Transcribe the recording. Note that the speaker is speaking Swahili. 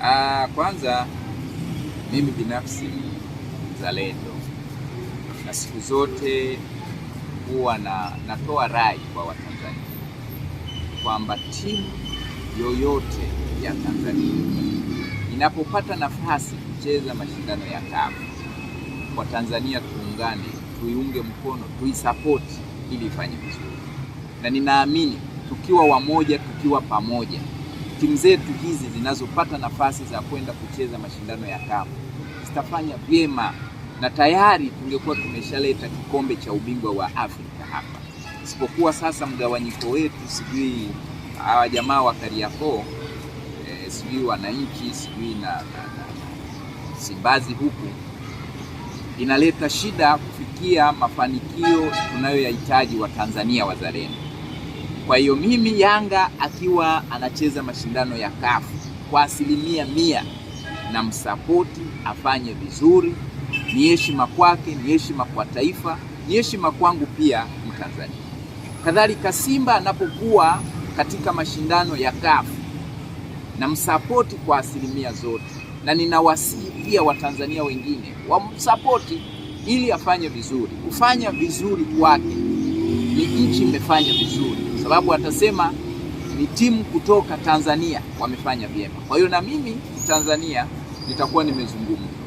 Uh, kwanza mimi binafsi mzalendo na siku zote huwa na natoa rai kwa Watanzania kwamba timu yoyote ya Tanzania inapopata nafasi kucheza mashindano ya kwa tanzania tuungane, tuiunge mkono, tuisapoti ili ifanye vizuri, na ninaamini tukiwa wamoja, tukiwa pamoja timu zetu hizi zinazopata nafasi za kwenda kucheza mashindano ya kafu zitafanya vyema, na tayari tungekuwa tumeshaleta kikombe cha ubingwa wa Afrika hapa, isipokuwa sasa mgawanyiko wetu, sijui hawa jamaa wa Kariakoo eh, sijui wananchi sijui na, na, na Simbazi huku inaleta shida kufikia mafanikio tunayoyahitaji Watanzania wazalendo. Kwa hiyo mimi Yanga akiwa anacheza mashindano ya kafu kwa asilimia mia na msapoti afanye vizuri, ni heshima kwake, ni heshima kwa taifa, ni heshima kwangu pia Mtanzania. Kadhalika Simba anapokuwa katika mashindano ya kafu na msapoti kwa asilimia zote, na ninawasihi pia Watanzania wengine wamsapoti ili afanye vizuri. Kufanya vizuri kwake ni nchi imefanya vizuri sababu atasema ni timu kutoka Tanzania wamefanya vyema. Kwa hiyo na mimi Tanzania nitakuwa nimezungumza.